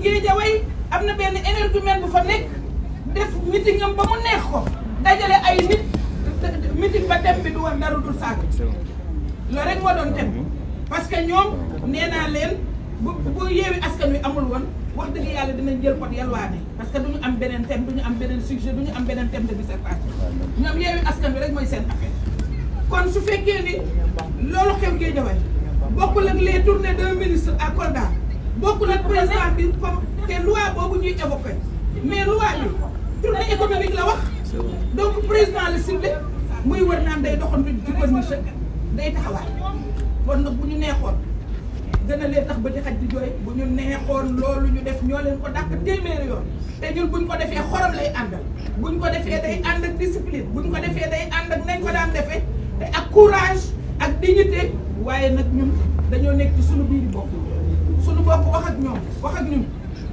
Géejawaay am na benn énergumène bu fa nekk def meeting am ba mu neex ko dajale ay nit meeting ba thème bi du woon dara dul saako loolu rek moo doon thème parce que ñoom nee naa leen bu bu yeewi askan wi amul woon wax dëgg yàlla dinañ jël pot yalwaane parce que du ñu am beneen thème du ñu am beneen sujet du ñu am beneen thème de dissertation ñoom yeewi askan wi rek mooy seen affaire kon su fekkee ni loolu xew Géejawaay bokkul ak les tournées d'un ministre à Kolda bokkul biir comme te loi boobu ñuy évoqué mais loi bi tournée économique la wax donc président la ciblé muy wër naan day doxoon bi di kon monsieur day taxawaay kon nag bu ñu neexoon gën a leen tax ba di xaj di jooy bu ñu neexoon loolu ñu def ñoo leen ko dàq téeméeri yoon te ñun buñ ko defee xorom lay bu ñu ko defee day ànd ak discipline buñ ko defee day ànd ak nañ ko daan defee te ak courage ak di dignité waaye nag ñun dañoo nekk ci suñu biir bopp ak ñoom wax ak ñun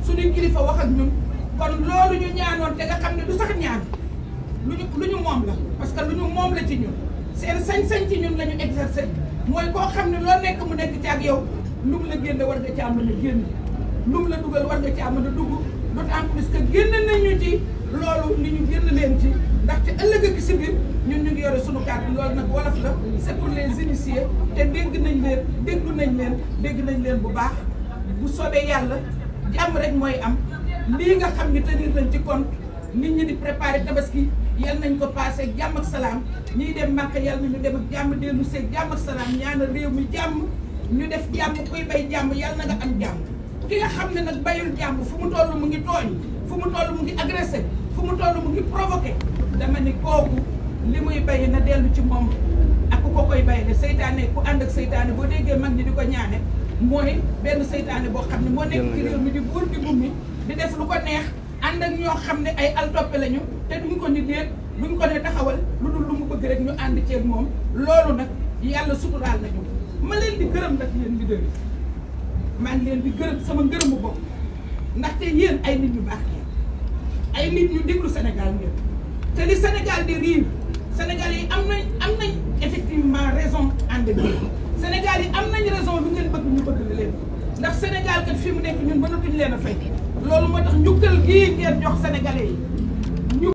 suñu kilifa wax ak ñun kon loolu ñu ñaanoon te nga xam ne du sax ñaan lu ñu lu ñu moom la parce que lu ñu moom la ci ñun seen sañ-sañ ci ñun la ñu exercer mooy koo xam ne loo nekk mu nekk ci ak yow lu mu la génne war nga caa mën a génn lu mu la dugal war nga caa mën a dugg d'autant plus que génn nañu ci loolu li ñu génn leen ci ndaxte ëllëg a si biir ñun ñu ngi yore sunu carte loolu nag wolof la c'est pour les initiés te dégg nañ leen déglu nañ leen dégg nañ leen bu baax bu solee yàlla jàmm rek mooy am lii nga xam ni tenir nañ ci compte nit ñi di préparer tabaski yal nañ ko passé ak jàmm ak salaam ñii dem Màkka yal nañu dem ak jàmm dellu seeg jàmm ak salaam ñaanal réew mi jàmm ñu def jàmm kuy bay jàmm yal na nga am jàmm. ki nga xam ne nag bayul jàmm fu mu toll mu ngi tooñ fu mu toll mu ngi agressé fu mu toll mu ngi provoqué dama ni kooku li muy bay na dellu ci moom ak ku ko koy bay de seytaane ku ànd ak seytaane boo déggee mag ñi di ko ñaane. moy ben seytaane bo xam ne nek ci réew mi di buur di bummi di def lu ko neex and ak ño xam ne ay altoppe lañu té duñ ko nit déet buñ ko né taxawal lu lu mu bëgg rek ñu ci ak mom loolu nak yalla suturaal nañu ma leen di gërëm nak yeen bi yi ma leen di gërëm sama bok bopp té yeen ay nit ñu bax ay nit ñu déglu Sénégal ngeen té li Sénégal di riir Sénégal yi am nañ am nañ effectivement raison and ak ndax Sénégal kat fi mu nekk ñun mënatuñ leen a fay loolu moo tax njukkal gii ngeen jox sénégalais yi.